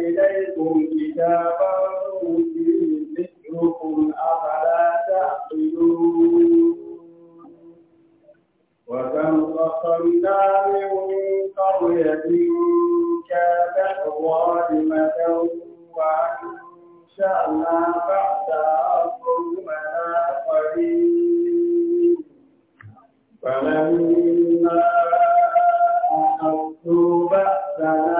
إليكم كتابا فيه ذكركم أفلا تعقلون وكم قصمنا من قرية كانت ظالمة وأنشأنا بعد قوما قريب فلما أخذت بأسنا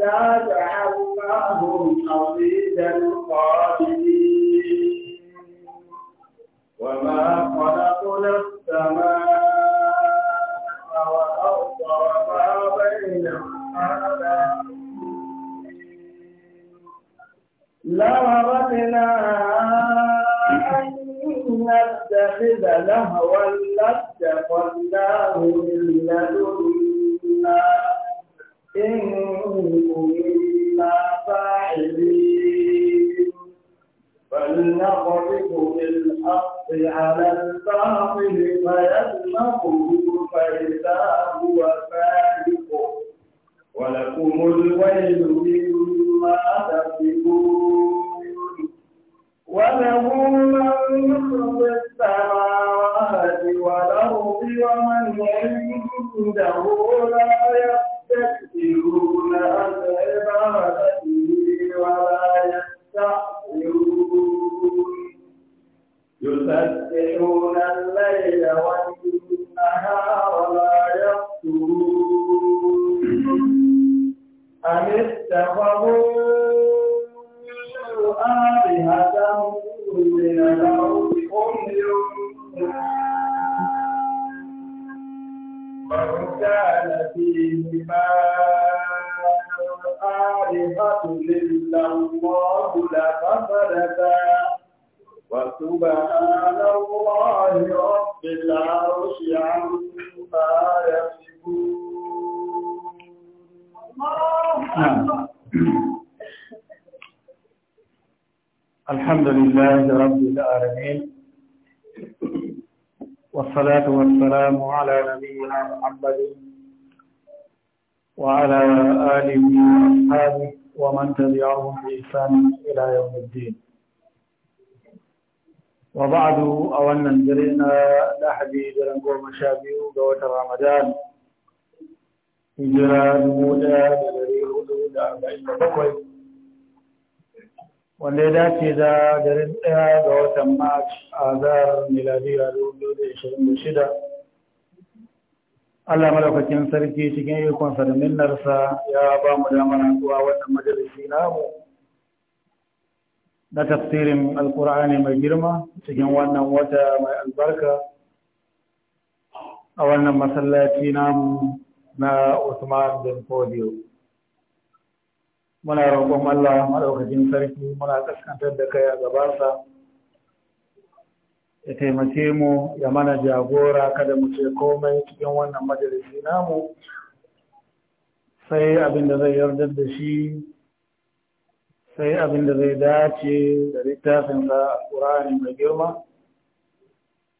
وما خلقنا السماء والأرض وما بينهما لأردنا أن نتخذ لهوا لاتخذناه من لدنا إن كنا فاعلين فلنقذف بالحق على الباطل فيزلقه فإذا هو ولكم الويل مما تكسبون وله من في السماوات والأرض ومن عنده لا يقدر يستكبرون عن عبادته ولا يستعجلون يسبحون الليل والنهار لا يفترون أم اتخذوا آلهة من الأرض هم وكان فيهما عارضة إلا الله لفسدتا وسبحان الله رب العرش عما يصفون الحمد لله رب العالمين والصلاة والسلام على نبينا محمد وعلى آله وأصحابه ومن تبعهم بإحسان إلى يوم الدين وبعد أولنا جرينا لحدي جرنكو مشابه دوة رمضان هجران مولى جريه دولة أربعين بقوي wanda ya dace da garin ɗaya ga watan march a zarar miladiya 2026 allah malafakin sarki cikin ikonsa da minnarsa ya ba mu damar zuwa wannan majalisi namu na tafsirin alkur'ani mai girma cikin wannan wata mai albarka a wannan masallaci namu na usman bin fodiyo muna roƙon Allah maɗaukakin sarki muna ƙasƙantar da kai a gabansa ya taimake mu ya mana jagora kada mu ce komai cikin wannan majalisi namu sai abin da zai yarda da shi sai abin da zai dace da littafinsa ƙurani mai girma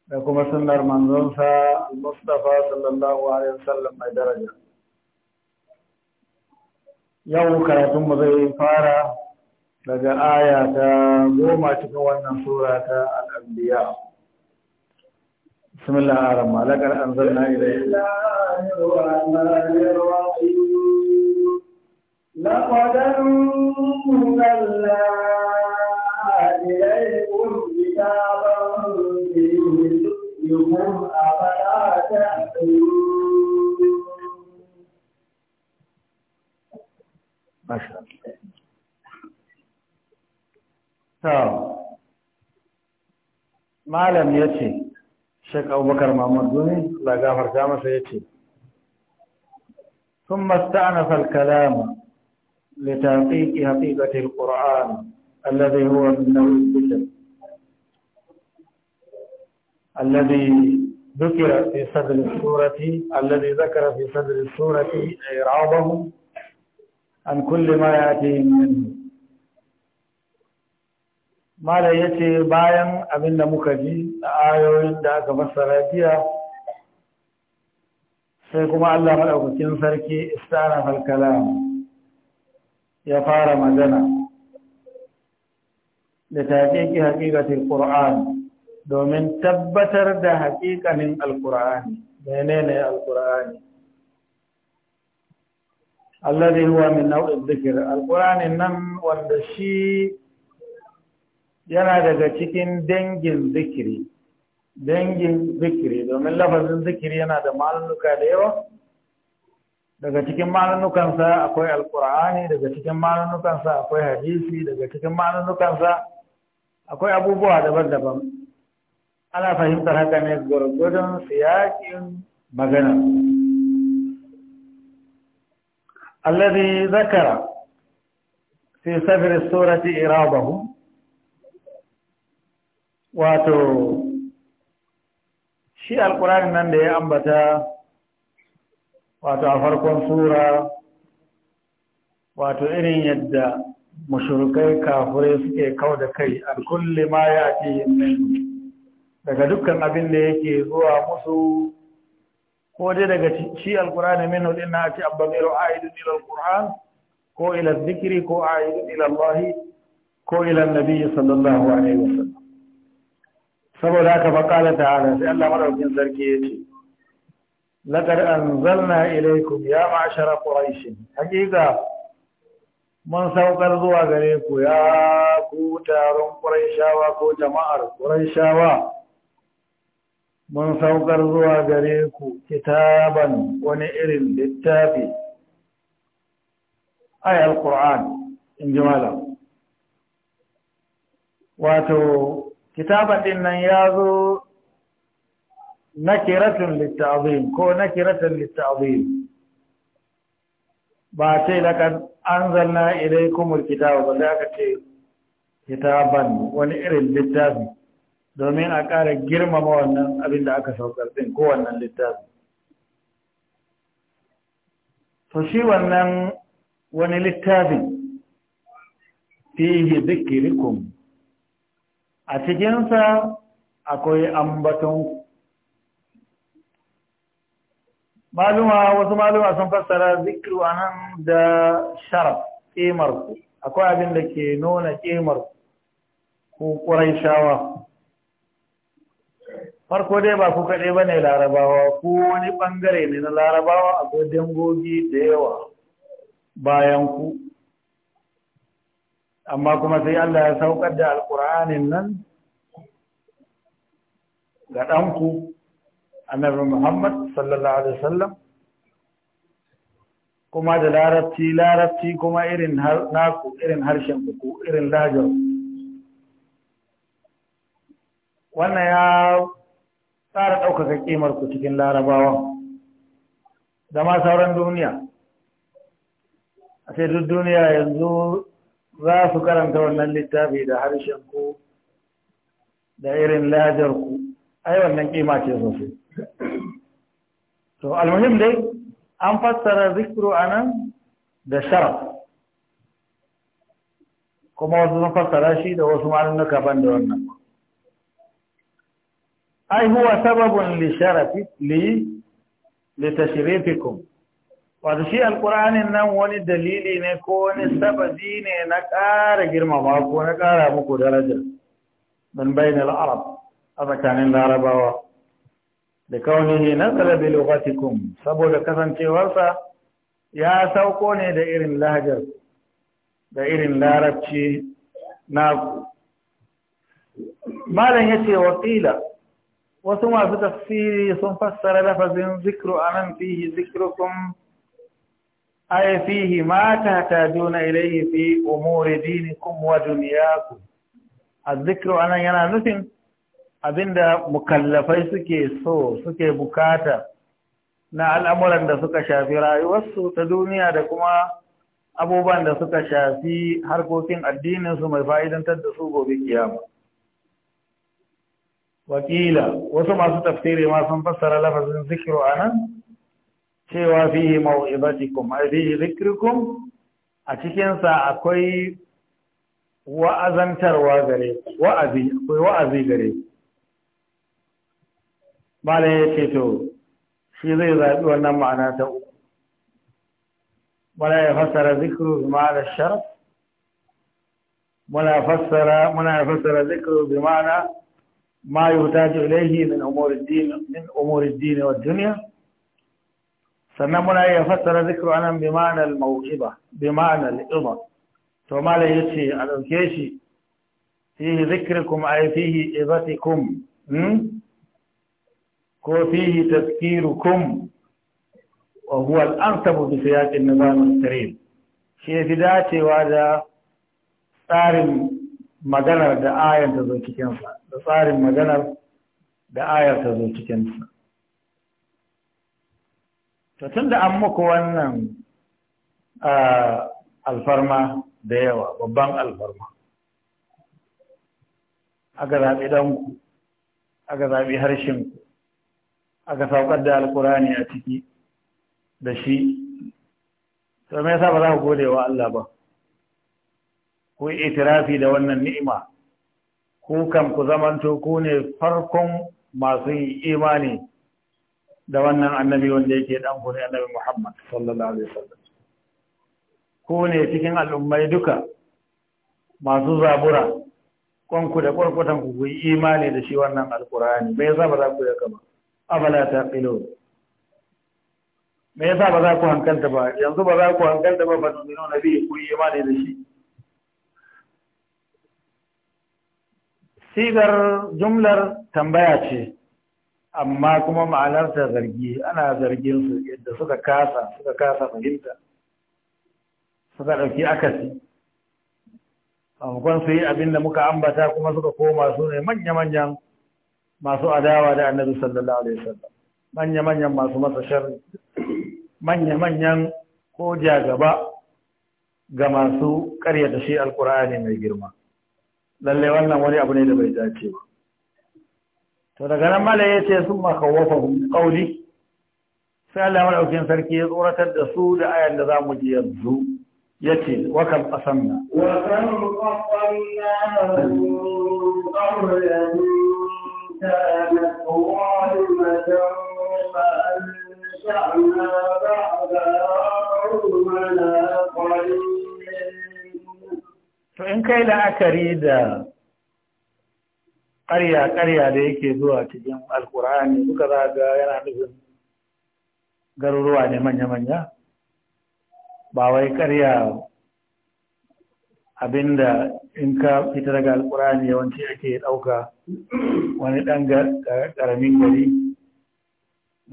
da kuma sunnar manzonsa al-mustafa sallallahu alaihi wasallam mai daraja yau mu zai fara daga aya ta goma cikin wannan sura ta al'ambiya bismillah arama lakar an zanna لقد أنزلنا إليكم كتابا فيه سؤلكم masha Allah malam ya ce Sheikh Abubakar Muhammad Gumi Allah gafarta masa yace ثم استعنف الكلام لتحقيق حقيقة القرآن الذي هو النوع البشر الذي ذكر في صدر السورة الذي ذكر في صدر السورة إعرابه an kulle ma ya ta yi malam ya ce bayan abin da muka ji a ayoyin da aka fassara jiya sai kuma Allah maɗaukakin sarki istana falkalam ya fara magana da taƙiƙi al ƙura'an domin tabbatar da haƙiƙanin alƙura'ani menene alƙura'ani alladhi huwa min nau'in dhikr alqur'ani nan wanda shi yana daga cikin dangin zikiri dangin zikiri domin lafazin zikiri yana da malanuka da yawa daga cikin malanukansa akwai alkur'ani daga cikin malanukansa akwai hadisi daga cikin malanukansa akwai abubuwa daban-daban ana fahimtar haka ne gwargwadon siyakin magana الذي ذكر في سفر السورة إرابهم واتو شيء القرآن من دي أنبتا واتو أفركم سورة واتو إرين يد مشركي كافري سكي كود كي الكل ما يأتي منه daga dukkan أبن ليكي هو مصور ko dai daga shi alqur'ani min hudin na ci abamiru aidun ila alqur'an ko ila dhikri ko aidun ila allah ko ila annabi sallallahu alaihi wasallam saboda haka fa qala ta'ala sai Allah madaukin sarki yace laqad anzalna ilaykum ya ma'shara quraish hakika mun saukar zuwa gare ku ya ku taron quraishawa ko jama'ar quraishawa mun saukar zuwa gare ku kitaban wani irin littafi ayar Qur'an in ji malam wato kitaban din nan ya zo nakiratun litta'zim ko nakiratun litta'zim ba ce zanna anzalna ilaykumul kitaba ba za ka ce kitaban wani irin littafi domin a ƙara girmama wannan abin da aka saukar ɗin ko wannan littafi to shi wannan wani littafin fihi zikirikum a cikinsa akwai ambaton maluma wasu maluma sun fassara zikiru a nan da sharaf ƙimarku akwai abin da ke nuna ƙimar ko ƙurai shawa farko dai ba ku kaɗai ba ne larabawa ko wani ɓangare ne na larabawa akwai dangogi da yawa bayan ku amma kuma sai Allah ya saukar da alƙur'anin nan ga ɗanku annabi Muhammad sallallahu alaihi wasallam kuma da larabci larabci kuma irin naku irin harshen ku irin lajar wannan ya tsara ɗaukaka ƙimar ku cikin larabawa da ma sauran duniya a duk duniya yanzu za su karanta wannan littafi da harshen ku da irin lajar ku ai wannan ƙima ce sosai to almuhim dai an fassara zikiru a nan da sharaf kuma wasu sun fassara shi da wasu malin ban da wannan ay huwa sababun li sharafi li li tashrifikum nan wani dalili ne ko wani sababi ne na ƙara girmama ko na kara muku daraja dan bainal arab a tsakanin larabawa da kaunihi nazala bi lughatikum saboda kasancewarsa ya sauko ne da irin lahajar da irin larabci na malam yace wa qila wasu masu tafsiri sun fassara lafazin zikru anan fihi zikrukum ay fihi ta juna ilaihi fi umuri ku a dunyakum a anan yana nufin abinda mukallafai suke so suke bukata na al'amuran da suka shafi rayuwarsu ta duniya da kuma abubuwan da suka shafi harkokin addininsu mai fa'idantar da su gobe kiyama وكيلا وسو ماسو تفسيري ما سنفسر لفظ ذكر أنا شوا فيه موعظتكم أي فيه ذكركم أتكين سا أكوي وأذن تروا ذري وأذي أكوي وأذي ذري بالي تيتو في ذي ذات وأنا معنا تو ولا يفسر ذكر مع الشرف ولا فسر ولا يفسر ذكر بمعنى ما يحتاج إليه من أمور الدين من أمور الدين والدنيا sannan muna iya fassara zikiru anan bi ma'anar mau'iba bi ma'anar iba to mala yace a ɗauke shi fihi zikrukum ay fihi ibatikum hmm ko fihi tazkirukum wa huwa al-ansabu fi dacewa da tsarin maganar da ayar ta zo cikinsa da tsarin maganar da ayar ta zo cikinsa to tun da an muku wannan alfarma da yawa babban alfarma aka zaɓi ɗanku aka zaɓi harshenku aka saukar da alkurani a ciki da shi to me yasa ba za ku gode wa Allah ba ku itirafi da wannan ni'ima ku kam ku zamanto ku ne farkon masu imani da wannan annabi wanda yake dan ku ne annabi Muhammad sallallahu alaihi wasallam ku ne cikin al'ummai duka masu zabura kwanku da kwarkwatan ku ku imani da shi wannan alkurani bai yasa ba za ku yaka ba afala taqilu me yasa ba za ku hankalta ba yanzu ba za ku hankalta ba fa tu'minu nabi ku yi imani da shi sigar jumlar tambaya ce amma kuma ma'anarta zargi ana zargin su yadda suka kasa suka kasa fahimta suka ɗauki akasi amma su yi abin da muka ambata kuma suka koma su ne manya-manyan masu adawa da annabi sallallahu alaihi wasallam manya-manyan masu masa sharri manya-manyan ko ja gaba ga masu karyata shi alkur'ani mai girma lalle wannan wani abu ne da bai dace ba to daga nan mala ya ce sun makawafahum qawli sai Allah madaukakin sarki ya tsoratar da su da ayan da mu ji yanzu yace wa kam qasamna wa to in kai la'akari da ƙarya-ƙarya da yake zuwa cikin alkur'ani duka za ga yana nufin garuruwa ne manya-manya ba wai ƙarya abinda in ka fita daga alkur'ani yawanci ake ɗauka wani ɗan ƙaramin gari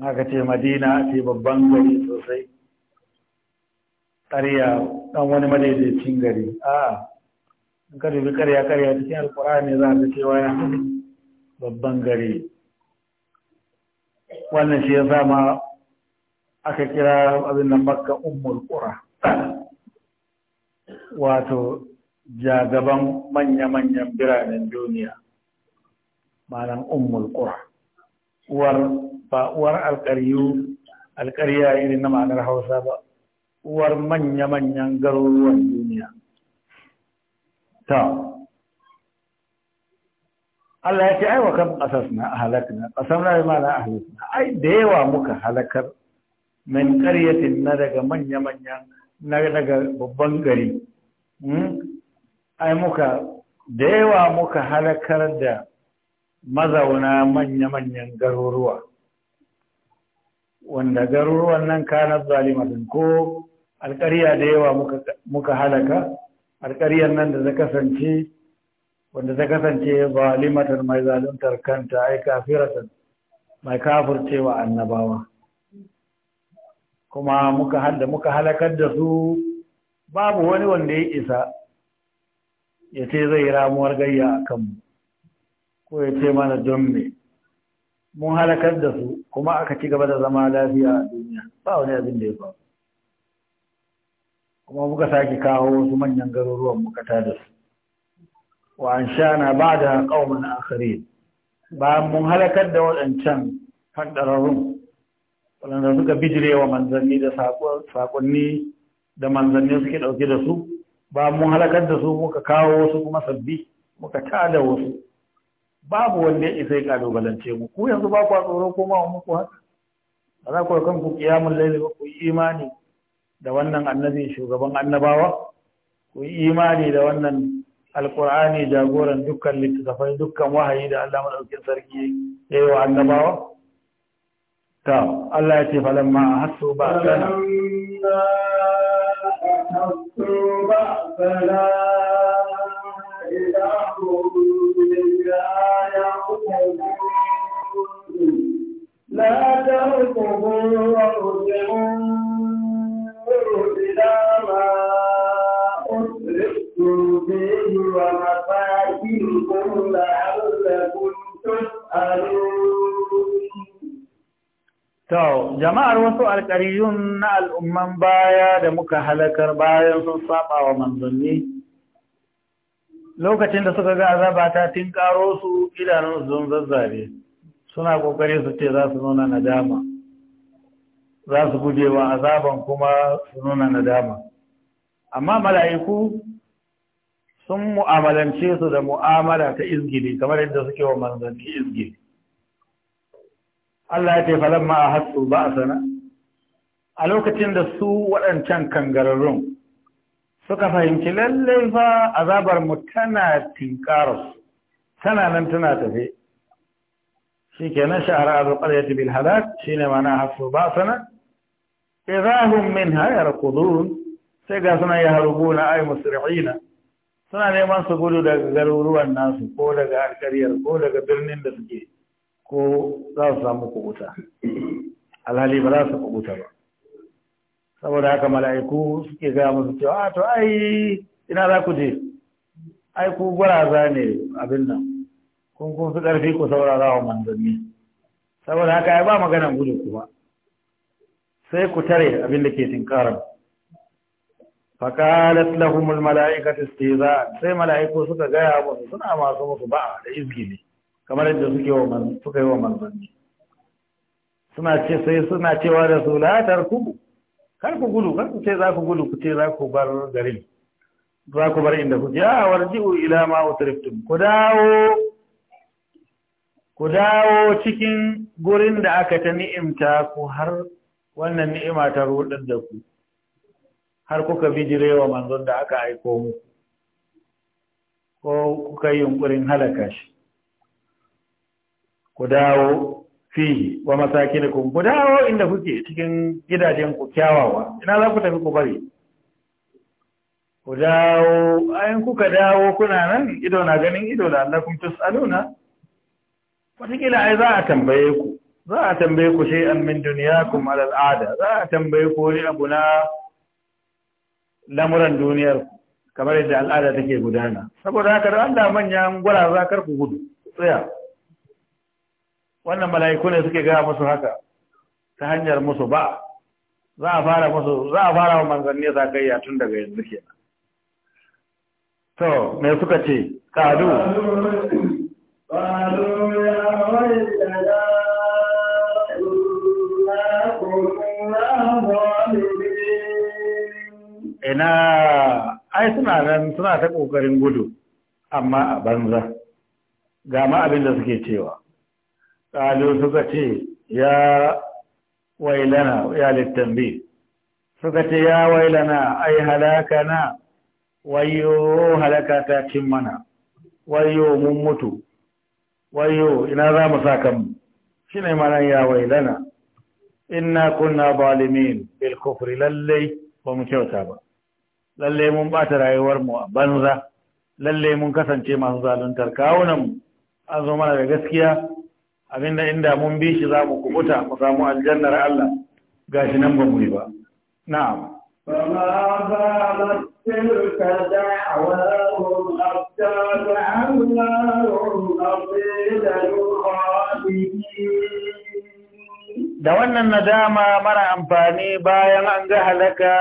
haka ce madina ce babban gari sosai ƙarya ɗan wani madaidaicin gari a'a in ka karya karya cikin alkur'ani za ka cewa ya babban gari. wannan shi ya sama aka kira abin nan makka ummul qura wato jagaban manya-manyan biranen duniya malam ummul qura uwar ba uwar alƙaryu alƙarya irin na ma'anar hausa ba uwar manya-manyan garuruwan duniya ta Allah ya ce ai wa kam qasasna ahlakna qasamna ma la ahlakna ai da yawa muka halakar min qaryatin na daga manya manya na daga babban gari hmm? ai muka da yawa muka halakar da mazauna manya manyan garuruwa wanda garuruwan nan kanar zalimatin ko alƙarya da yawa muka halaka alƙaryar nan da ta kasance wanda ta kasance ba limatar mai zaluntar kanta ai kafiratan mai cewa annabawa kuma muka hada muka halakar da su babu wani wanda ya isa ya ce zai ramuwar gayya a kanmu ko ya ce mana don me mun halakar da su kuma aka ci gaba da zama lafiya a duniya ba wani abin da ya faru kuma muka sake kawo wasu manyan garuruwan muka da su wa an na ba da ƙaumin akari Ba mun halakar da waɗancan fanɗararrun waɗanda suka bijire wa manzanni da saƙonni da manzanni suke ɗauke da su ba mun halakar da su muka kawo wasu kuma sabbi muka tada wasu babu wanda ya isa ya ƙalubalance mu ku yanzu ba a tsoro ko ma muku haka ba za ku kanku kiyamun laili ba ku yi imani da wannan annabi shugaban annabawa ku yi imani da wannan alkur'ani jagoran dukkan littattafai dukkan wahayi da Allah madaukakin sarki ya yi wa annabawa ta Allah ya ce falamma ma hasu ba sana لا تركبوا وارجعوا To, jama'ar wasu alƙariyun na al'umman baya da muka halakar bayan sun saba wa manzanni, lokacin da suka ga azaba ta tin su idanun sun zazzare, suna ƙoƙari su ce za su nuna nadama, za su gujewa azaban kuma su nuna nadama. amma mala'iku sun mu'amalance su da mu'amala ta izgili kamar yadda suke wa manzanni izgili Allah ya ce ma a hatsu ba a sana a lokacin da su waɗancan kangararrun suka fahimci lallai fa azabar mu tana tinkarar tana nan tana tafe shi kenan shahara azu ƙaryata bil halak shine mana hatsu ba a sana idahum min hayar kudurun sai ga suna yi harubu na ai musri'ina suna neman su gudu daga garuruwan nasu ko daga alkariyar ko daga birnin da suke ko za su samu kubuta alhali ba za su kubuta ba saboda haka mala'iku suke gaya musu cewa a ah, to ai ina za ku je ai ku gwaraza ne abin nan kun kun fi ƙarfi ku saurara wa manzanni saboda haka ai ba maganan gudu kuma sai ku tare abin da ke tinkarar فقالت لهم الملائكه istihza sai malaiku suka gaya musu suna masu musu ba da ne kamar yadda suke wa man suka yi wa manzanni suna ce sai suna cewa da su la kar ku gudu kar ku ce za ku gudu ku ce za ku bar garin za ku bar inda ku ya warji'u ila ma utriftum ku dawo ku dawo cikin gurin da aka ta ni'imta ku har wannan ni'ima ta rudar da ku har kuka bijire wa manzon da aka aiko mu ko kuka yi yunkurin halaka shi ku dawo fihi wa masakinikum ku dawo inda kuke cikin gidajen ku kyawawa ina za ku tafi ku bari ku dawo ayin kuka dawo kuna nan ido na ganin ido na annakum tus'aluna wataƙila ai za a tambaye ku za a tambaye ku shay'an min dunyakum al al'ada za a tambaye ku wani abu na lamuran duniyar kamar yadda al'ada take gudana saboda haka da Allah manyan za kar ku gudu tsaya wannan mala'iku ne suke gaya musu haka ta hanyar musu ba za a fara musu za a fara wa manzanni zakayya tun daga yanzu ke. to me suka ce kadu قالوا ya ina ai suna nan suna ta ƙoƙarin gudu amma a banza ga ma abin da suke cewa ƙalu suka ce ya wailana ya littambi suka ce ya wailana ai halakana wayo halaka ta cin mana wayo mun mutu wayo ina za mu sa kanmu shi ne mana ya wailana inna kunna zalimin bil kufri lallai ba mu kyauta ba lalle mun bata rayuwar mu a banza lalle mun kasance masu zaluntar kawunan mu an zo mana da gaskiya abinda inda mun bi shi za mu kubuta mu samu aljannar Allah gashi nan ba mu yi ba na'am da wannan nadama mara amfani bayan an ga halaka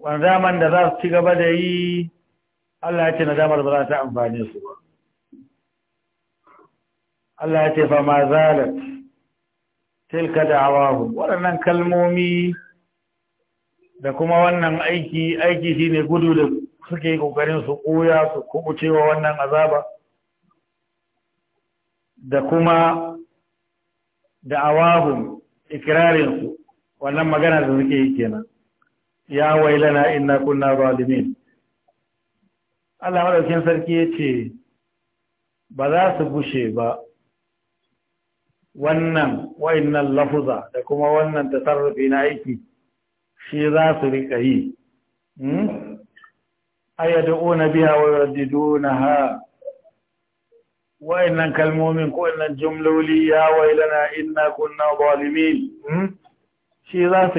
wanzaman da za su ci gaba da yi Allah ya ce na damar ba za ta amfani su ba Allah ya ce fa ma zalat tilka da'awahum waɗannan kalmomi da kuma wannan aiki aiki shine gudu da suke kokarin su koya su kubucewa wannan azaba da kuma da'awahum ikrarin su wannan magana da suke yi kenan ya wailana inna kunna zalimin Allah madaukin sarki ce ba za su gushe ba wannan wa'innan lafuza da kuma wannan tasarrufi na aiki shi za su rika yi hmm? ayyad'una biha wa yurdidunaha wa'innan kalmomin ko innan jumloli ya wailana inna kunna zalimin hmm? shi za su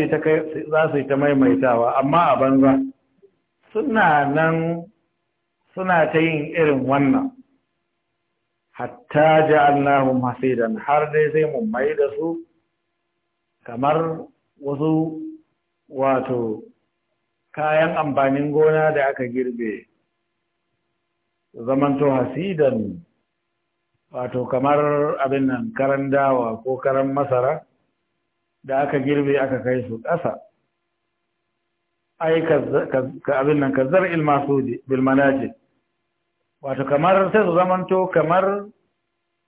yi ta maimaitawa amma a banza suna nan suna ta yin irin wannan hatta allahu hasidan har dai sai mu mai da su kamar wasu wato kayan amfanin gona da aka girbe zamanto hasidan wato kamar abin nan karan dawa ko karan masara da aka girbe aka kai su ƙasa ai ka abin nan ka zar ilmasu bilmanaji wato kamar sai su zamanto kamar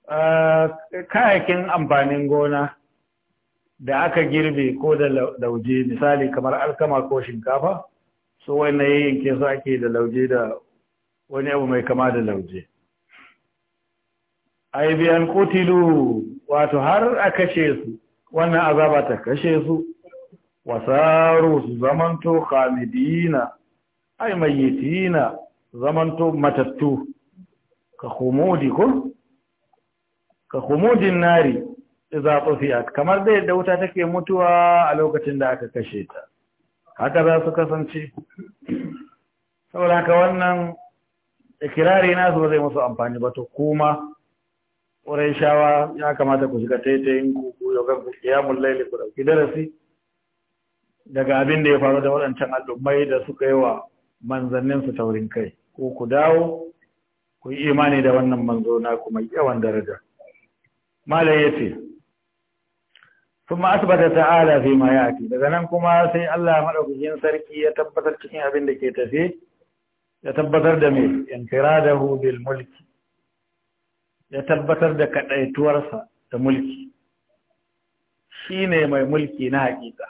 eh, kayakin amfanin gona da aka girbe ko da lauje misali kamar alkama ko shinkafa so wannan yayyanke su ake da lauje da wani abu mai kama da lauje ai biyan kutilu wato har a kashe su wannan azaba ta kashe su wasaru su zamanto khamidina ay mayyitina zamanto matattu ka khumudi ko ka khumudi nari idza tufiyat kamar da yadda wuta take mutuwa a lokacin da aka kashe ta haka za su kasance saboda haka wannan ikirari nasu ba zai musu amfani ba to kuma ƙurai shawa ya kamata ku shiga taitayin ku ku yoga ku kiyamun laili ku ɗauki darasi daga abin da ya faru da waɗancan al'ummai da suka yi wa manzannin su taurin kai ko ku dawo ku yi imani da wannan manzo na kuma yawan daraja malai ya ce ma asibata ta'ala fi ma ya'ti daga nan kuma sai Allah maɗaukakin sarki ya tabbatar cikin abin da ke tafe ya tabbatar da me inkiradahu bil mulki ya tabbatar da kaɗaituwarsa da mulki shi ne mai mulki na haƙiƙa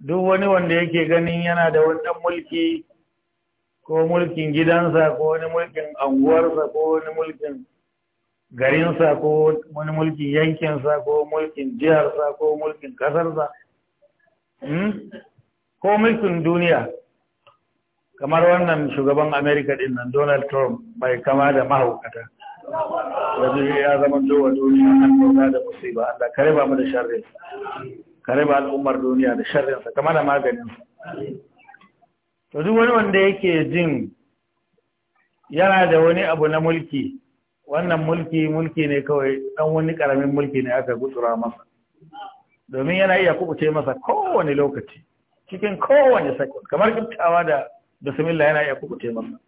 duk wani wanda yake ganin yana da wannan mulki ko mulkin gidansa ko wani mulkin anguwarsa ko wani mulkin garinsa ko wani mulkin yankinsa ko mulkin jiharsa ko mulkin ƙasarsa hmm? ko mulkin duniya kamar wannan shugaban amerika din nan donald trump bai kama da mahaukata yanzu ya zama jowa duniya an bauta da musiba Allah kare ba mu da sharrin kare ba al'ummar duniya da sharrin sa kamar da maganin to duk wani wanda yake jin yana da wani abu na mulki wannan mulki mulki ne kawai dan wani karamin mulki ne aka gutsura masa domin yana iya kubuce masa kowane lokaci cikin kowane sakon kamar kintawa da bismillah yana iya kubuce masa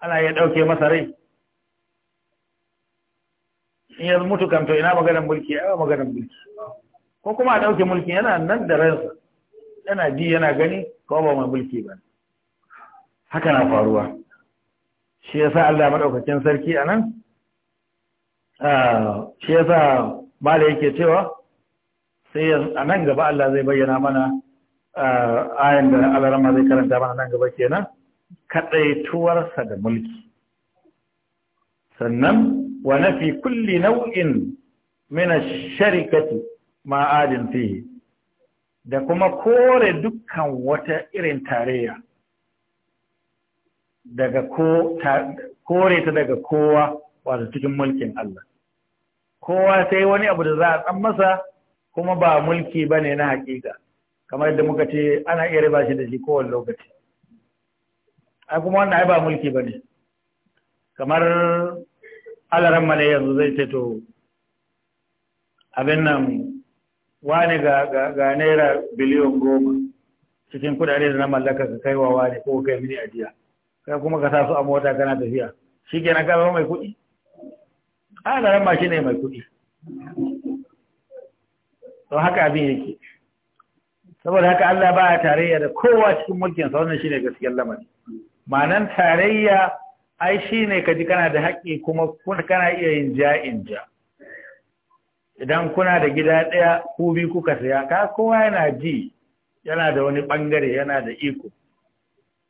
ana iya dauke masa rai in yanzu mutu kan to ina maganar mulki ya maganar mulki ko kuma a ɗauke mulki yana nan da ransa yana ji yana gani ko ba mai mulki ba haka na faruwa shi ya sa Allah maɗaukacin sarki anan shi ya ba da yake cewa sai a nan gaba Allah zai bayyana mana ayan da alarama zai karanta mana nan gaba kenan kaɗaituwarsa da mulki sannan wa na fi kulli nau'in mina sharikati ma'adin fihi da kuma kore dukkan wata irin tarayya daga ko kore ta daga kowa wato cikin mulkin Allah kowa sai wani abu da za a san masa kuma ba mulki bane na hakika kamar yadda muka ce ana iya riba shi da shi kowane lokaci ai kuma wannan ai ba mulki bane kamar alaran male yanzu zai ce to abin nan wani ga naira biliyon goma cikin kudade da na mallaka ka kai wa wani ko kai mini ajiya kai kuma ka sa su a mota kana tafiya shi ke na kama mai kuɗi alaran ma shi ne mai kuɗi to haka abin yake saboda haka Allah ba a tarayya da kowa cikin mulkin sa wannan shine gaskiyar lamari ma'anan tarayya ai shi ne ka ji kana da haƙƙi kuma kana iya yin in ja idan kuna da gida ɗaya ku bi kuka saya ka kowa yana ji yana da wani ɓangare yana da iko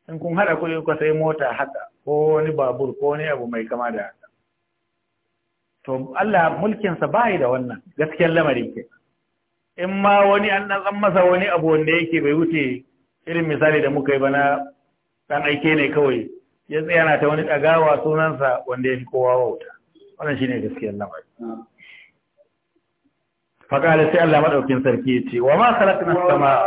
in kun haɗa kuɗi kuka sai mota haka ko wani babur ko wani abu mai kama da haka to Allah mulkinsa ba da wannan gaskiyar lamarin ke in ma wani an nan masa wani abu wanda yake bai wuce irin misali da muka yi ba na ɗan aike ne kawai ya na ta wani ɗagawa sunansa wanda ya fi kowa wauta wannan shi ne gaskiyar lamari faƙalar sai Allah maɗaukin sarki ce wa ma salatun sama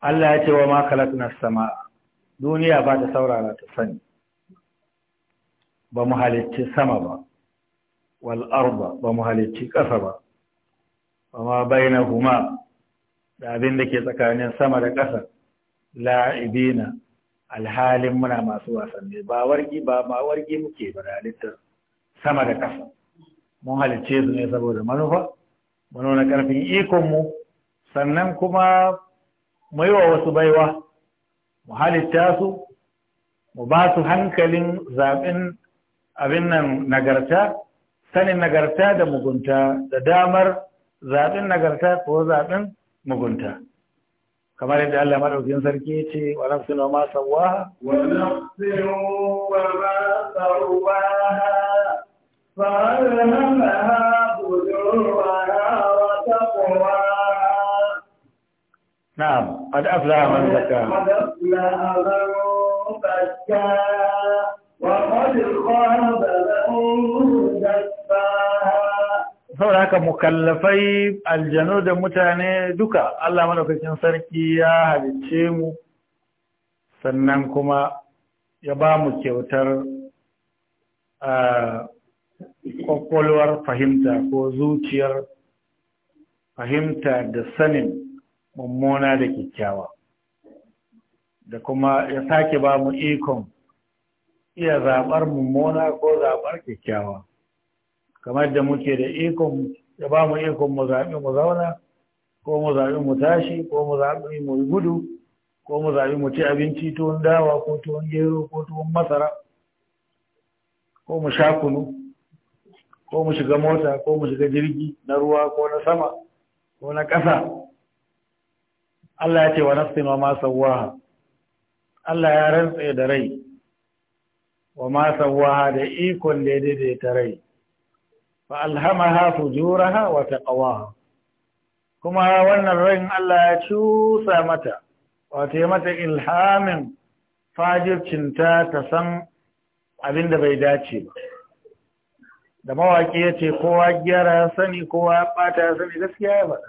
Allah ya ce wa ma kalatna sama duniya ba ta saurara ta sani ba mu halicci sama ba wal ba mu halicci ƙasa ba ba ma na kuma da abin da ke tsakanin sama da ƙasa la'ibina alhalin muna masu wasanni ba wargi ba ma wargi muke ba halittar sama da ƙasa mun halicce su ne saboda manufa mu nuna ƙarfin ikonmu sannan kuma mu yi wa wasu baiwa mu halitta su mu ba su hankalin zaɓin abin nan nagarta sanin nagarta da mugunta da damar zaɓin nagarta ko zaɓin mugunta kamar yadda Allah maɗaukin sarki ya ce wa nafsin wa ma sawaha wa nafsin wa ma sawaha fa alhamaha fujuraha wa taqwaha na'am qad aflaha man zakkaha qad aflaha man zakkaha wa qad khaba man saboda haka mukallafai aljanu da mutane duka Allah madaukakin sarki ya halicce mu sannan kuma ya ba mu kyautar kwakwalwar fahimta ko zuciyar fahimta da sanin mummuna da kyakkyawa da kuma ya sake ba mu ikon iya zaɓar mummuna ko zaɓar kyakkyawa kamar da muke da ikon ya ba mu ikon mu zaɓi mu zauna ko mu zaɓi mu tashi ko mu zaɓi mu gudu ko mu zaɓi mu ci abinci tuwon dawa ko tuwon gero ko tuwon masara ko mu sha kunu ko mu shiga mota ko mu shiga jirgi na ruwa ko na sama ko na ƙasa Allah ya ce wa nafsin wa ma sawwaha Allah ya rantse da rai wa ma sawwaha da ikon da ya daidaita rai fa alhamaha fujuraha wa taqwaha kuma wannan in Allah ya cusa mata wata mata ilhamin fajircinta ta san abin da bai dace ba da mawaƙi ya ce kowa gyara sani kowa ɓata sani gaskiya ya faɗa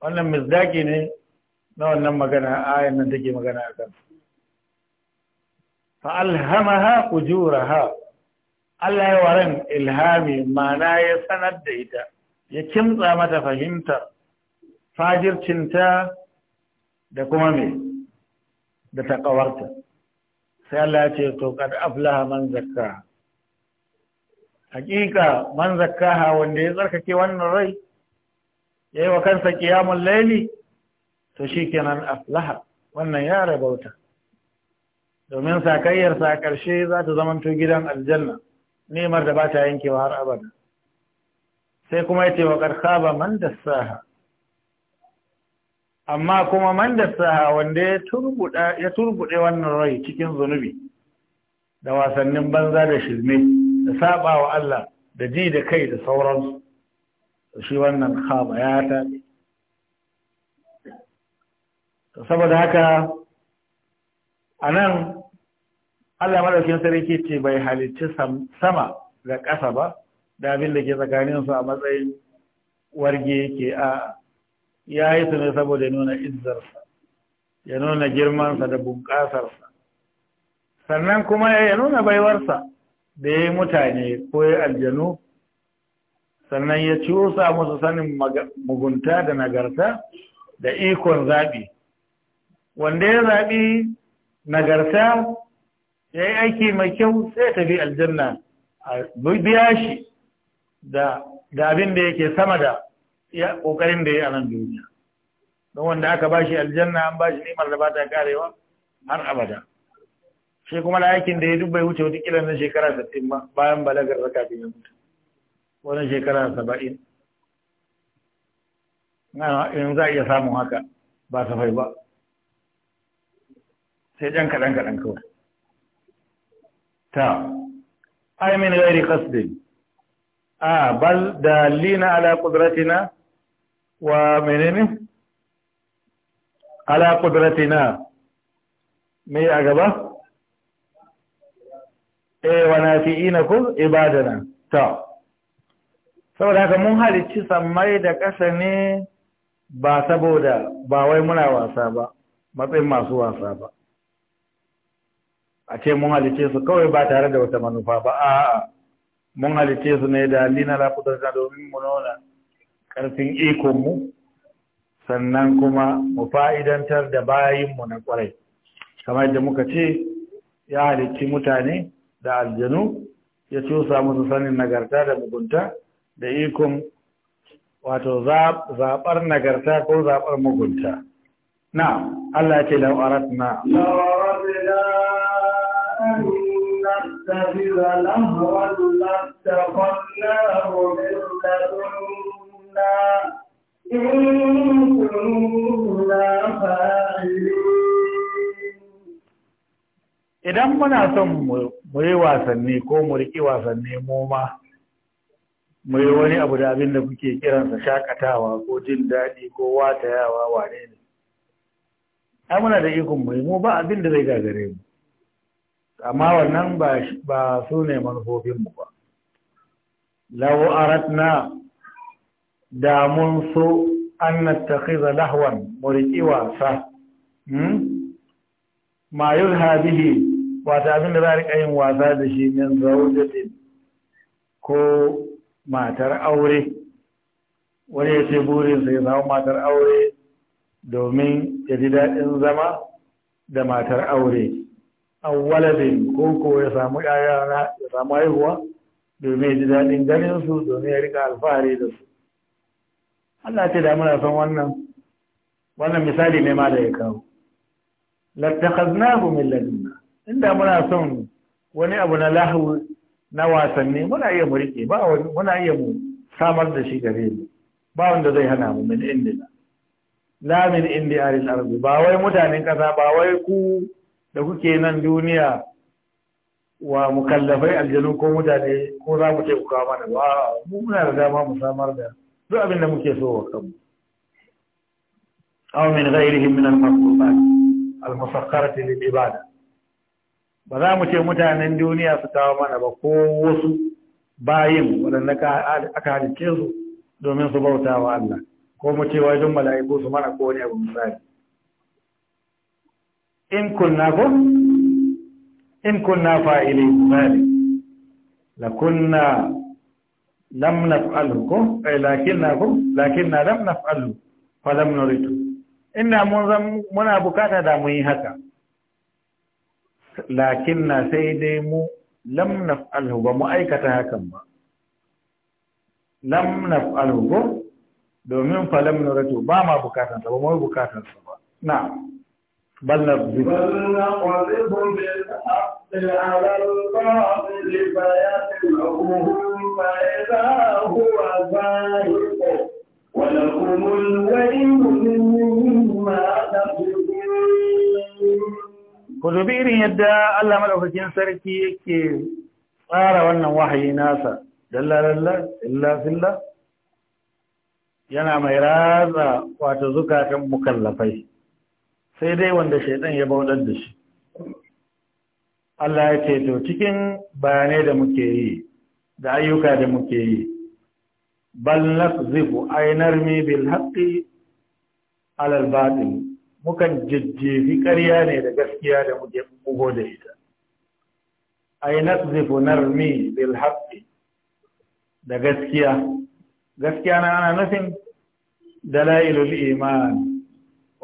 wannan misdaki ne na wannan magana ayan take magana a kan fa'alhamaha ujuraha Allah ya waren ilhami mana ya sanar da ita ya kimtsa mata fahimtar fajircinta da kuma me da takawarta sai Allah ya ce to aflaha man zakka hakika man zakkaha wanda ya tsarkake wannan rai yi wa kansa ƙiyamun laili? to shi kenan aflaha wannan ya rabauta domin sakayyarsa a ƙarshe za ta zamanto gidan aljanna nemar da ba ta yankewa har abada sai kuma ya ce wa karkaba man saha amma kuma man saha wanda ya turbuɗe wannan rai cikin zunubi da wasannin banza da shirme da saba wa Allah da ji da kai da sauransu shi wannan khaba ya ta saboda haka anan Allah madaukin sarki ce bai halicci sama ga ƙasa ba da abin da ke tsakaninsu a matsayin warge ke a ya yi su ne saboda nuna izzarsa ya nuna girmansa da bunƙasarsa sannan kuma ya nuna baiwarsa da ya yi mutane ko ya aljanu sannan ya ci cusa musu sanin mugunta da nagarta da ikon zaɓi wanda ya zaɓi nagarta ya yi aiki mai kyau sai tafi aljanna a biya shi da abin da yake sama da ƙoƙarin da ya yi a nan duniya don wanda aka ba shi aljanna an ba shi nemar da ba ta karewa har abada shi kuma da aikin da ya duk bai wuce wata kila na shekara sittin ba bayan balagar raka kafin ya mutu wani shekara saba'in na in za a iya samun haka ba safai ba sai ɗan kaɗan kaɗan kawai ta ai min gairi qasdin a bal dalina ala qudratina wa menene ala qudratina me a gaba e wa nafi'ina ku ibadana ta saboda haka mun halicci sammai da ƙasa ne ba saboda ba wai muna wasa ba matsayin masu wasa ba a ce mun halice su kawai ba tare da wata manufa ba a'a mun halice su ne da lina la kudarta domin mu nuna karfin ikon mu sannan kuma mu fa'idantar da bayin mu na kwarai kamar da muka ce ya halicci mutane da aljanu ya cusa musu sanin nagarta da mugunta da ikon wato zaɓar nagarta ko zaɓar mugunta na Allah ce lau'arat na نتخذ idan muna son mu yi wasanni ko mu riƙi wasanni mu ma mu yi wani abu da abin da kuke kiransa shakatawa ko jin daɗi ko watayawa wane ne ai muna da ikon mu mu ba abin da zai gagare mu amma wannan ba su ne manufofinmu ba lau aratna da mun so an nattakhiza lahwan muriki wasa hmm? ma yulha bihi wata abin da za a riƙa yin wasa da shi min zaujatin ko matar aure wani ya ce burinsa ya samu matar aure domin ya ji daɗin zama da matar aure awwaladin ko ko ya samu ya samu haihuwa domin ji daɗin ganin su domin ya rika alfahari da su Allah ce da muna son wannan wannan misali ne ma da ya kawo lattakhaznahu min ladunna inda muna son wani abu na lahu na wasanni muna iya mu rike ba muna iya mu samar da shi gare mu ba wanda zai hana mu min indina la min indi aril ardi ba wai mutanen kasa ba wai ku da kuke nan duniya wa mukallafai aljanu ko mutane ko za mu ce kuka mana ba mu muna da dama mu samar da duk abin da muke so wa kanmu aw min ghairihim min al-makhluqat al-musakkarati lil ibada ba za mu ce mutanen duniya su kawo mana ba ko wasu bayin waɗanda aka halicce su domin su bauta wa Allah ko mu ce wajen mala'iku su mana ko wani abu misali in kunna ko in kunna fa'ili zalik la kunna lam naf'alhu ko ay lakinna ko lakinna lam naf'alhu fa lam nuridu inna mun zan muna bukata da mu yi haka lakinna sai dai mu lam naf'alhu ba mu aikata hakan ba lam naf'alhu ko domin fa lam nuridu ba ma bukatan ba mu bukatan ba na'am بل بل نقذف بالحق على الباطل فإذا هو زاهق ولكم الويل مما irin yadda Allah maɗaukakin sarki yake tsara wannan wahayi nasa, illa-filla yana mai ratsa wata zukatan mukallafai. sai dai wanda shaidan ya bautar da shi Allah ya ce to cikin bayanai da muke yi da ayyuka da muke yi bal nafzifu ainar mi bil haqqi alal batil mukan jajjefi ƙarya ne da gaskiya da muke bugo da ita ai naqzifu narmi bil haqqi da gaskiya gaskiya na ana nufin dalailul iman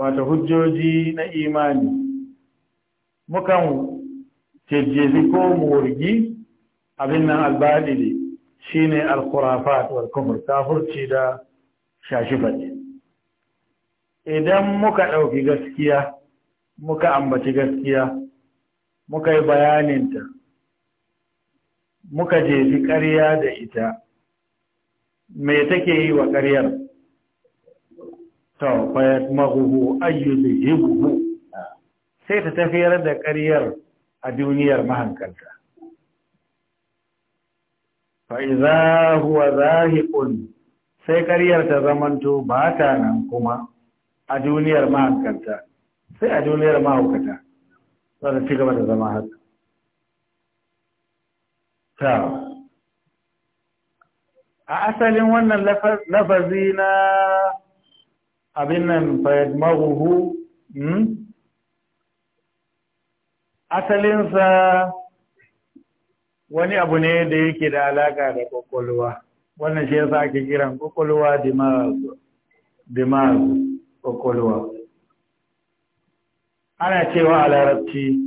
Wata hujjoji na imani mukan jejjezi ko murgi abin nan albaɗili shine alkurafat wal kufur kafurci da shashifaɗi idan muka ɗauki gaskiya muka ambaci gaskiya muka yi bayaninta muka jefi ƙarya da ita me take yi wa ƙaryar to fa yatmaghu ayyuhu ah. sai ta tafiyar da ƙaryar a duniyar mahankalta fa idza huwa zahiqun sai ƙaryar ta zamanto ba ta nan kuma a duniyar mahankalta sai a duniyar mahaukata za ta ci gaba da zama haka ta a asalin wannan lafazi na abin nan maruhu? Hmm? asalinsa wani abu ne da yake da alaka da kwakwalwa wannan shi yasa ake kiran kwakwalwa dimaz kwakwalwa ana cewa a larabci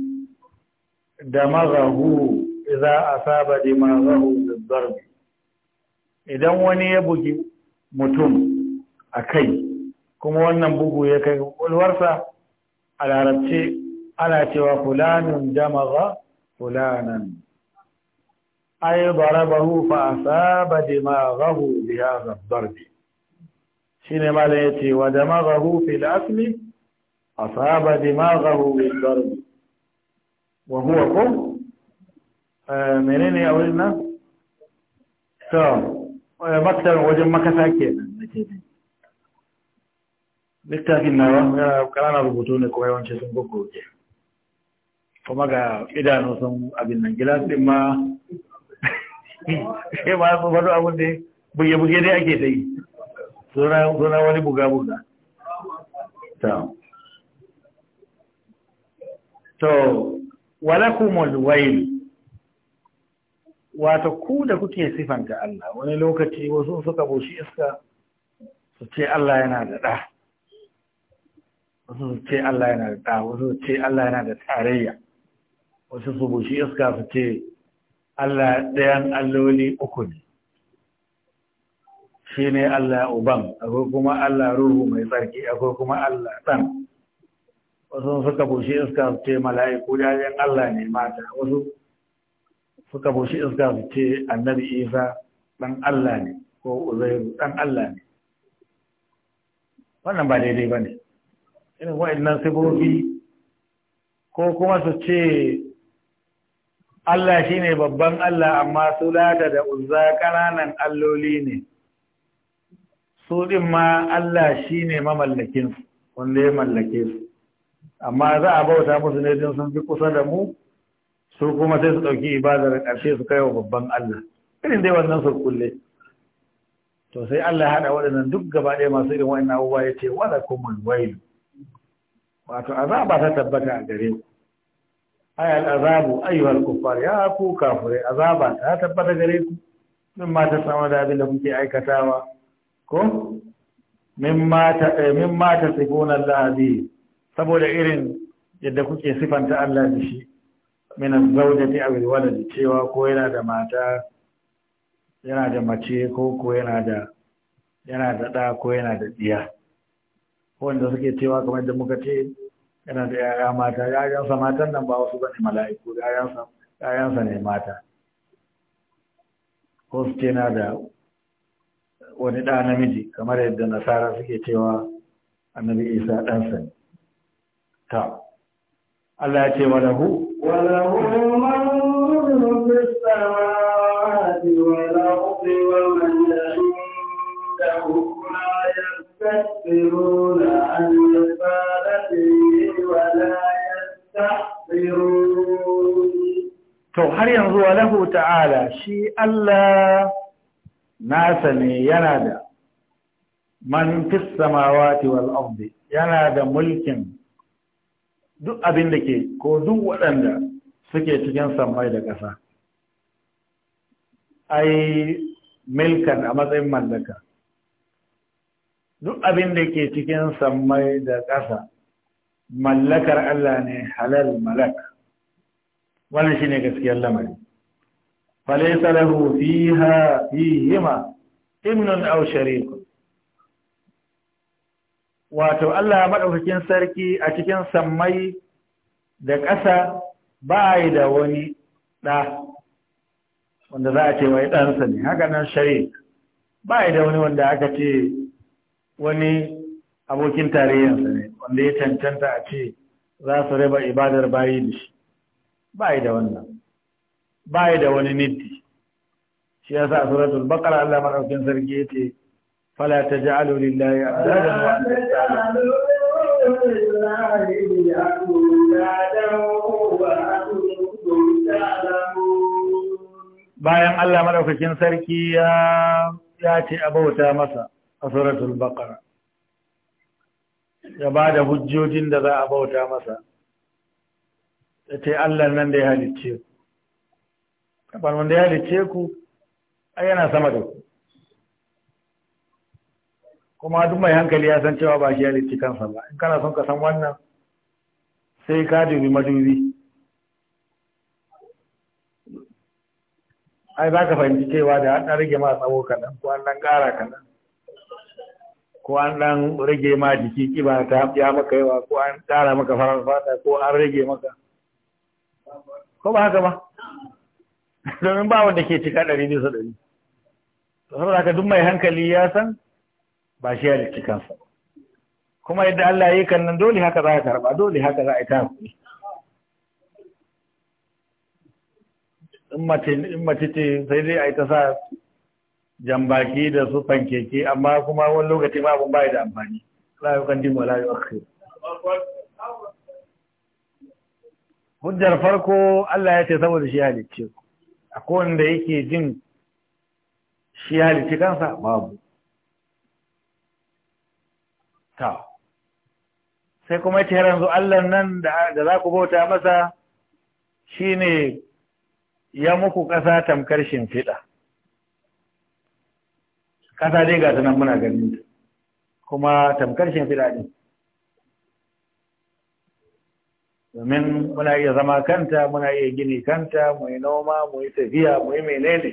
da mazahu idza asaba dimaghahu bidarb idan wani ya bugi mutum a kai kuma wannan bugu ya kai kwakwalwarsa a larabci ana cewa fulanin jama'a fulanan ai barabahu fa asaba dimaghahu bi hadha ad-darb shine malai yace wa damaghahu fil asli asaba dimaghahu bil darb wa huwa kum menene awilna to wajen makasa kenan littafin na kanana rubutu ne kuma yawanci sun goggoge kuma ga idanu sun abin nan ɗin ma sai ma sun faɗo abin da buge-buge dai ake ta yi suna wani buga-buga to walakumul wail wato ku da kuke sifanta Allah wani lokaci wasu suka boshi iska su ce Allah yana da ɗa wasu su ce Allah yana da ta wasu su ce Allah yana da tarayya wasu su bushi iska su ce Allah ɗayan alloli uku ne shi ne Allah uban akwai kuma Allah ruhu mai tsarki akwai kuma Allah ɗan wasu suka bushi iska su ce mala'iku jajen Allah ne mata wasu suka bushi iska su ce annabi isa ɗan Allah ne ko uzairu ɗan Allah ne wannan ba daidai ba ne irin wa'annan sifofi ko kuma su ce Allah shi ne babban Allah amma su lata da uzza ƙananan alloli ne su ɗin ma Allah shi ne mamallakinsu wanda ya mallake su amma za a bauta musu ne don sun fi kusa da mu su kuma sai su ɗauki ibadar ƙarshe su kai wa babban Allah irin dai wannan su kulle to sai Allah ya haɗa waɗannan duk gaba ɗaya masu irin wa'annan abubuwa ya ce wala kuma wailu wato azaba ta tabbata a gare ku ayal azabu ayyuhal kuffar ya ku kafirai azaba ta tabbata gare ku mimma ta sama da abin da kuke aikatawa ko mimma ta eh, mimma ta sifuna Allah bi saboda irin yadda kuke sifanta Allah da shi min az-zawjati aw al-walad cewa ko yana da mata yana da mace ko ko yana da yana da da ko yana da diya wanda suke cewa kamar da muka ce yana da yaya mata yayansa matan nan ba wasu bane mala'iku yayansa yayansa ne mata ko su ce na da wani ɗa namiji kamar yadda nasara suke cewa annabi isa ɗansa ne ta Allah ya ce walahu walahu man fis samawati wal ardi wa man indahu يستكبرون عن عبادته ولا يستحضرون to har yanzu walahu ta'ala shi Allah nasa ne yana da man fis samawati wal ardi yana da mulkin duk abin da ke ko duk waɗanda suke cikin samai da ƙasa ai milkan a matsayin mallaka duk abin da ke cikin sammai da ƙasa mallakar Allah ne halal malak wannan shine gaskiyar lamari falaysa lahu fiha fihima imnun aw shariq wato Allah madaukakin sarki a cikin sammai da ƙasa ba yi da wani ɗa wanda za a ce wai ɗansa ne haka nan shari'a. ba yi da wani wanda aka ce wani abokin tarayyarsa ne wanda ya cancanta a ce za su raba ibadar bayi da shi ba da wannan ba da wani niddi shi ya sa suratul bakar Allah madaukakin sarki ya ce, fala taj'alu lillahi andadan bayan Allah madaukakin sarki ya ya ce abauta masa a suratul baqara ya bada da hujjojin da za a bauta masa ya ce Allah nan da ya halicce ku kafar wanda ya halicce ku ai yana sama da ku kuma duk mai hankali ya san cewa ba shi halicci kansa ba in kana son ka san wannan sai ka dubi madubi ai za ka fahimci cewa da an rage ma tsawo kaɗan ko an ɗan ƙara kaɗan ko an dan rage ma jiki kiba ta ya maka yawa ko an ɗara maka farar fata ko an rage maka ko ba haka ba domin ba wanda ke cika ɗari su ɗari saboda haka duk mai hankali ya san ba shi ya da kansa kuma yadda Allah ya yi kan nan dole haka za ka karɓa dole haka za a yi kan in mace ce sai dai a yi ta sa jambaki da su fankeke amma kuma wani lokaci ma abin bai da amfani la yuqaddimu wa la hujjar farko Allah ya ce saboda shi halicce akwai wanda yake jin shi halicce kansa babu ta sai kuma ya ce yanzu Allah nan da za ku bauta masa shine ya muku ƙasa tamkar shimfiɗa kasa dai ga nan muna ganin ta, kuma tamkar shimfiɗa ne domin muna iya zama kanta muna iya gini kanta mu yi noma mu yi tafiya mu yi menene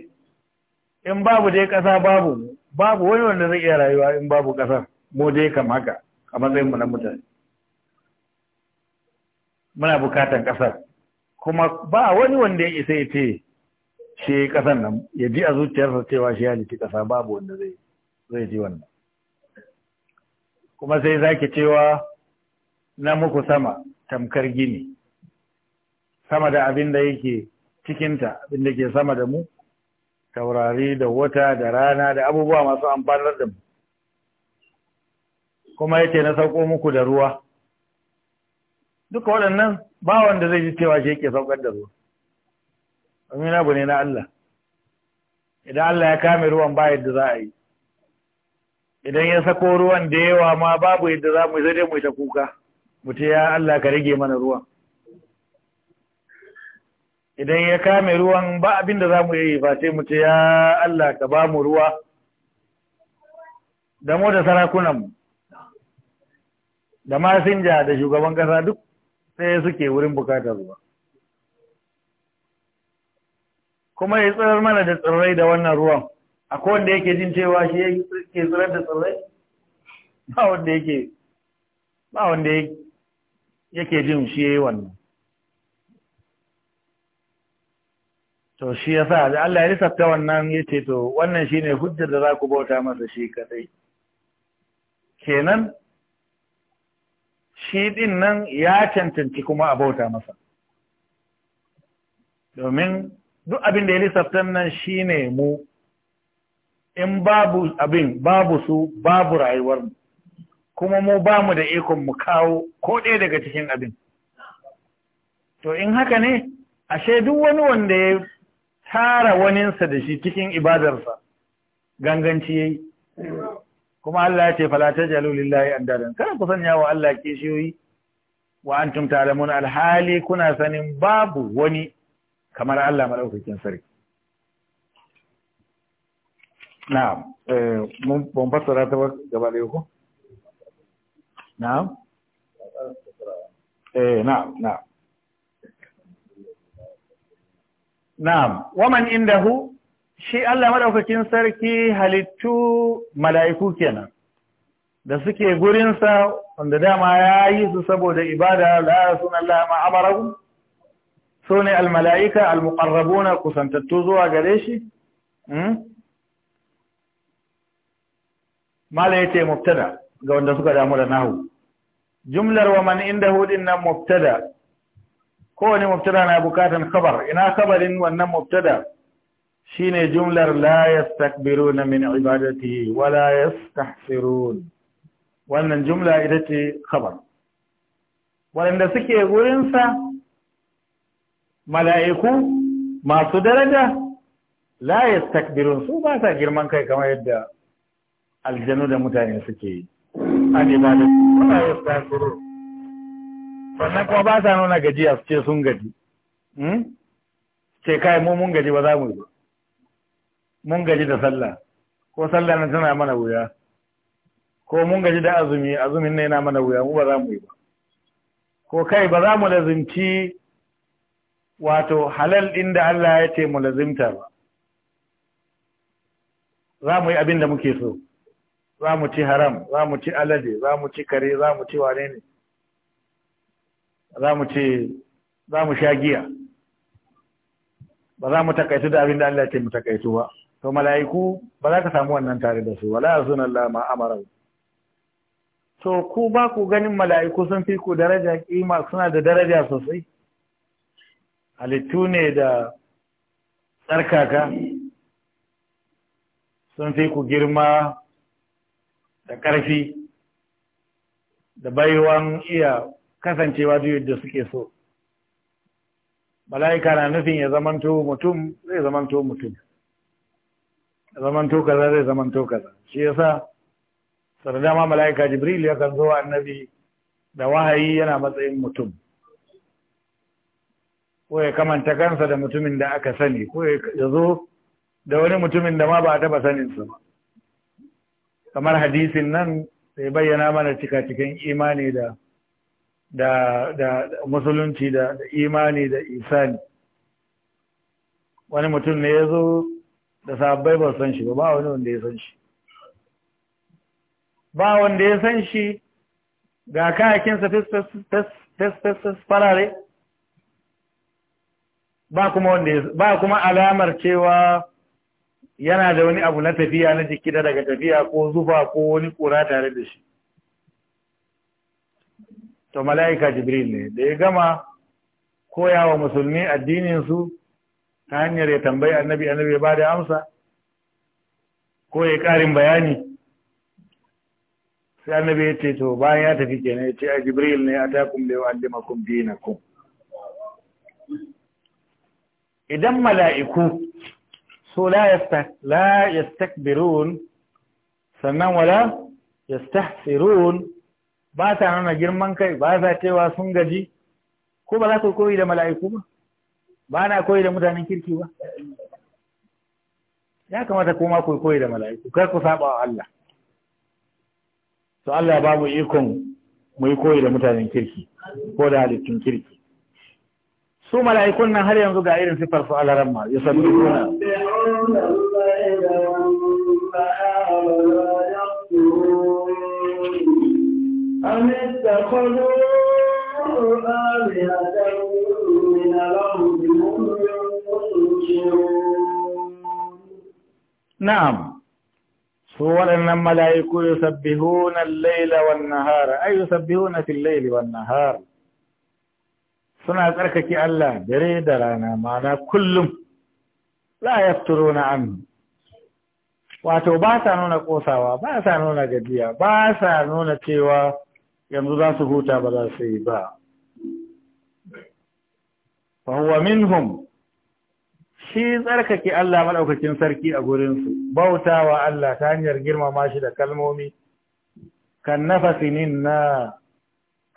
in babu dai ƙasa babu babu wani wanda zai iya rayuwa in babu kasa mu dai kam haka a matsayin mu na mutane muna bukatan ƙasar kuma ba wani wanda ya isa ya ce shi kasan nan ya ji a zuciyarsa cewa shi ya liki kasa babu wanda zai zai ji wannan kuma sai zaki cewa na muku sama tamkar gini sama da abin da yake cikinta abin da ke sama da mu taurari da wata da rana da abubuwa masu amfanar da mu kuma yake na sauko muku da ruwa duka waɗannan ba wanda zai ji cewa shi yake saukar da ruwa domin abu ne na Allah idan Allah ya kame ruwan ba yadda za a yi idan ya sako ruwan da yawa ma babu yadda za mu zai dai mu ta kuka mu ce ya Allah ka rage mana ruwan idan ya kame ruwan ba abin da za mu yi face mu ce ya Allah ka ba mu ruwa da mu da mu da masinja da shugaban kasa duk sai suke wurin bukatar ruwa kuma ya tsirar mana da tsirrai da wannan ruwan akwai wanda yake jin cewa shi ya ke tsirar da tsirrai ba wanda yake ba wanda yake jin shi ya yi wannan to shi ya sa da Allah ya lissafta wannan ya ce, to wannan shi ne hujjar da za ku bauta masa shi kadai kenan shi din nan ya cancanci kuma a bauta masa domin duk abin da ya lissaftan nan ne mu in babu abin babu su babu rayuwarmu kuma mu ba mu da ikon mu kawo ko ɗaya daga cikin abin to in haka ne ashe duk wani wanda ya tara waninsa da shi cikin ibadarsa ganganci yayi kuma Allah ya ce fala tajalu an andadan kada ku sanya wa Allah kishiyoyi wa antum ta'lamun alhali kuna sanin babu wani kamar Allah maɗaukakin sarki na eh, mun fassara ta gaba da yau na eh na na Na'am, waman indahu shi Allah maɗaukakin sarki halittu mala'iku kenan, da suke gurinsa wanda dama ya yi su saboda ibada la suna Allah ma'amarahu, su ne almala'ika almuqarrabuna kusantattu zuwa gare shi hmm? mala yace mubtada ga wanda suka damu da nahu jumlar wa man indahu din nan mubtada wani mubtada na bukatan khabar ina khabarin wannan mubtada shine jumlar la yastakbiruna min ibadatihi wa la yastahsirun wannan jumla ita ce khabar wanda suke gurinsa mala'iku masu daraja la yastakbirun su ba sa girman kai kamar yadda aljanu da mutane suke yi an ibada ba yastakbirun sannan kuma ba sa nuna gajiya a ce sun gaji hmm? ce kai mu mun gaji ba za mu yi ba mun gaji da sallah ko sallah na tana mana wuya ko mun gaji da azumi azumin ne yana mana wuya mu ba za mu yi ba ko kai ba za mu lazimci wato halal ɗin da Allah ya ce mu lazimta ba za mu yi abin da muke so za mu ci haram za mu ci alade za mu ci kare za mu ci wane ne za mu ci za mu sha giya ba za mu takaitu da abin da Allah ya ce mu takaitu ba to mala'iku ba za ka samu wannan tare da su wala sunan Allah ma amara to ku ba ku ganin mala'iku sun fi ku daraja kima suna da daraja sosai halittu ne da tsarkaka sun fi ku girma da ƙarfi da baiwan iya kasancewa duk da suke so mala'ika na nufin ya zamanto mutum zai zamanto mutum ya zamanto kaza zai zamanto kaza shi yasa sau mala'ika jibril ya kan zo annabi da wahayi yana matsayin mutum ko ya kamanta kansa da mutumin da aka sani ko ya zo da wani mutumin da ma ba a taba saninsa ba kamar hadisin nan sai bayyana mana cika cikin imani da da da musulunci da imani da isani wani mutum ne ya zo da sabbai ba san shi ba ba wani wanda ya san shi ba wanda ya san shi ga kayakinsa fes fes fes farare ba kuma wanda ba kuma alamar cewa yana da wani abu na tafiya na jiki da daga tafiya ko zufa ko wani kura tare da shi to mala'ika jibril ne da ya gama koyawa musulmi addinin su ta hanyar ya tambayi annabi annabi ya bada amsa ko ya karin bayani sai annabi ya ce to bayan ya tafi kenan ya ce a jibril ne atakum da yu'allimakum dinakum idan mala'iku so la yastakbirun sannan wala yastahsirun ba ta nuna girman kai ba za cewa sun gaji ko ba za ku koyi da mala'iku ba ba na koyi da mutanen kirki ba ya kamata koma ku koyi da mala'iku kar ku saba wa Allah to Allah ba mu ikon mu yi koyi da mutanen kirki ko da halittun kirki su لا يكون har yanzu ga irin sifar su alaran ma yusabbi kuna أم اتخذوا آلهة من الأرض هم ينشرون نعم سورة الملائكة يسبحون الليل والنهار أي يسبحون في الليل والنهار suna tsarkake Allah dare da rana mana kullum la na an wato ba sa nuna kosawa ba sa nuna gajiya ba sa nuna cewa yanzu za su huta ba za su yi ba Fahuwa min minhum shi tsarkake Allah maɗaukacin sarki a gurinsu, bautawa Allah ta hanyar girmama shi da kalmomi, kan nafasinin na,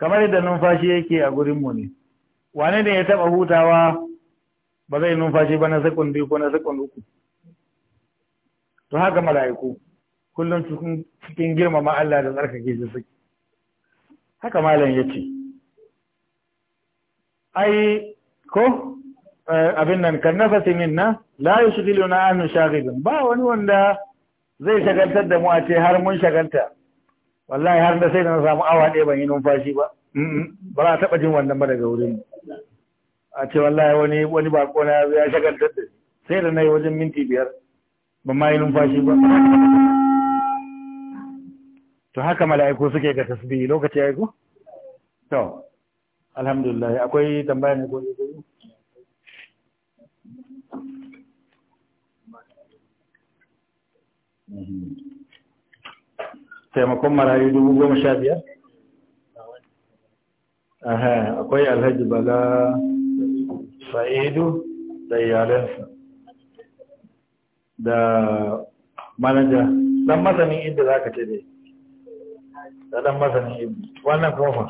kamar da numfashi yake a gurinmu ne, wane ne ya taba hutawa ba zai numfashi ba na sakon biyu ko na sakon uku to haka mala'iku kullum cikin girmama Allah da tsarkake shi suke haka malam ya ce ai ko eh, abin nan kan nafasi na, la yushghilu na annu shaghilun ba wani wanda zai shagaltar da mu a ce har mun shagalta wallahi har da sai da na samu awa ɗaya ban yi numfashi ba ba za a taɓa jin wannan ba daga wurin mu a ce wallahi wani wani bako na ya shagaltar da sai da na yi wajen minti biyar ba ma yi numfashi ba to haka mala'iku suke ga tasbihi lokaci ya yi ko to alhamdulillah akwai tambaya ne ko taimakon marayu dubu goma sha biyar? akwai alhaji bala sa'idu da iyalansa da manaja dan masanin inda za ka ce da dan masanin wannan kofa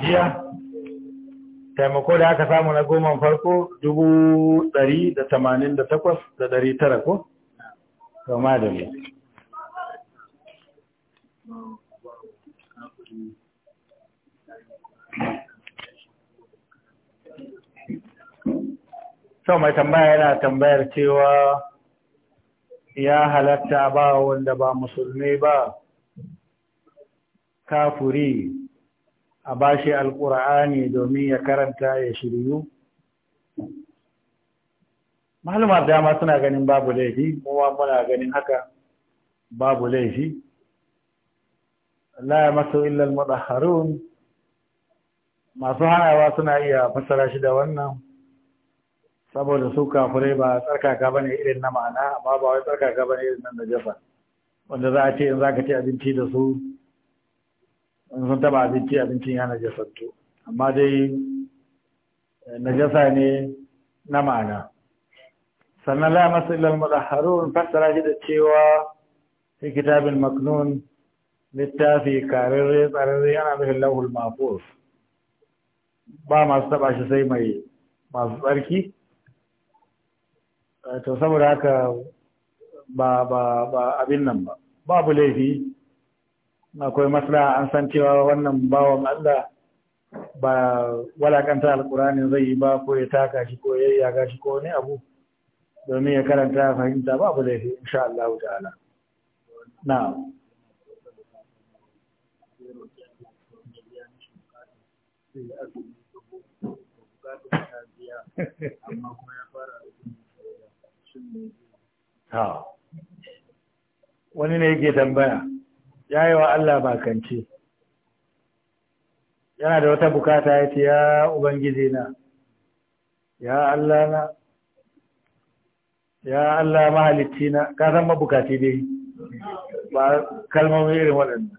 jiya taimako da aka samu na goma farko dubu ɗari da tamanin da takwas da ɗari tara ko? kama da mu so mai tambaya yana tambayar cewa ya halatta ba wanda ba musulmi ba kafuri a bashi alkur'ani domin ya karanta ya shiryu malumar dama suna ganin babu laifi kuma muna ganin haka babu laifi la masu illal Harun. masu hanawa suna iya fassara shi da wannan saboda su kafirai ba tsarkaka ba ne irin na ma'ana amma ba wai tsarkaka ba ne irin na najasa wanda za a ce in za ka ci abinci da su in sun taba abinci abincin ya najasantu amma dai eh, najasa ne na ma'ana sannan la masu ilal mutahharun fassara shi da cewa fi kitabin maknun littafi kararre tsararre yana nufin lahul mafus ba masu taba shi sai mai masu tsarki to saboda haka ba ba ba abin nan ba babu laifi akwai masla an san cewa wannan bawan Allah ba walakanta alkurani zai yi ba ko ya taka shi ko ya yaga shi ko wani abu domin ya karanta fahimta babu laifi insha Allah ta'ala na'am amma kuma ya fara ha wani ne yake tambaya ya yi wa Allah bakance yana da wata bukata ya ce ya ubangiji na ya Allah na ya Allah mahalicci na ka san mabukaci dai ba kalmomi irin waɗannan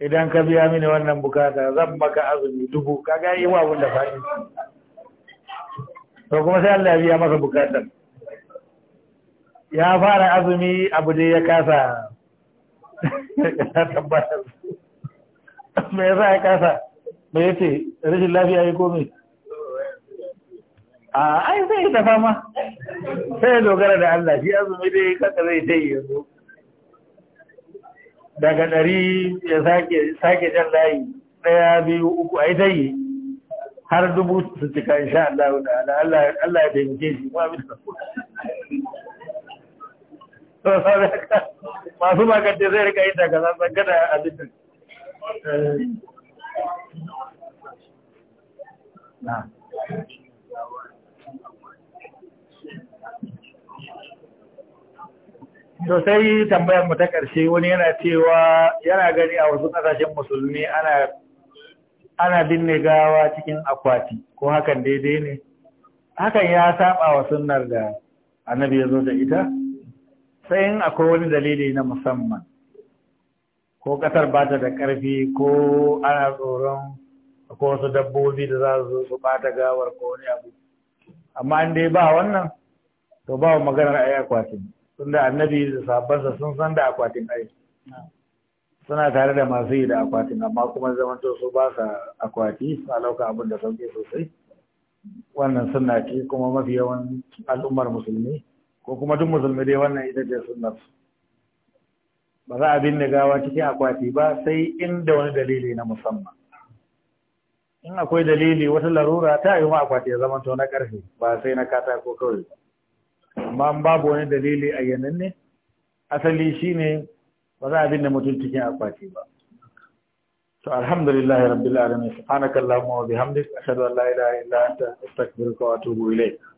idan ka biya mini wannan bukata zan maka azumi dubu kaga yi wa abin da to kuma sai Allah ya biya masa bukatar ya fara azumi abu dai ya kasa ya tabbatar me yasa ya kasa me yace rashin lafiya ya komai a ai sai ta fama sai ya dogara da Allah shi azumi dai kaka zai ta yi yanzu daga ɗari ya sake jan layi ɗaya biyu uku ai ta yi har dubu su cika insha Allah Allah ya taimake shi mu bi da masu makarci zai rika yi daga zan gada a jikin to sai tambayar mu ta ƙarshe wani yana cewa yana gani a wasu kasashen musulmi ana ana binne gawa cikin akwati ko hakan daidai ne hakan ya saba wa sunnar da annabi ya zo da ita sai in akwai wani dalili na musamman ko ƙasar ba ta da ƙarfi ko ana tsoron ko wasu dabbobi da za su su ɓata gawar ko wani abu amma in dai ba wannan to ba wa maganar ai akwatin tunda annabi da sabansa sun san da akwatin ai suna tare da masu yi da akwatin amma kuma to su ba sa akwati su lauka abin da sauke sosai wannan suna ce kuma mafi yawan al'ummar musulmi ko kuma duk musulmi dai wannan ita ce sunnar ba za a binne gawa cikin akwati ba sai inda wani dalili na musamman in akwai dalili wata larura ta yi ma akwati ya zama to na karfe ba sai na katako kawai ba amma babu wani dalili a ne asali shi ne ba za a binne mutum cikin akwati ba to alhamdulillahi rabbil alamin subhanakallahumma wa bihamdika ashhadu an la ilaha illa anta astaghfiruka wa atubu ilayk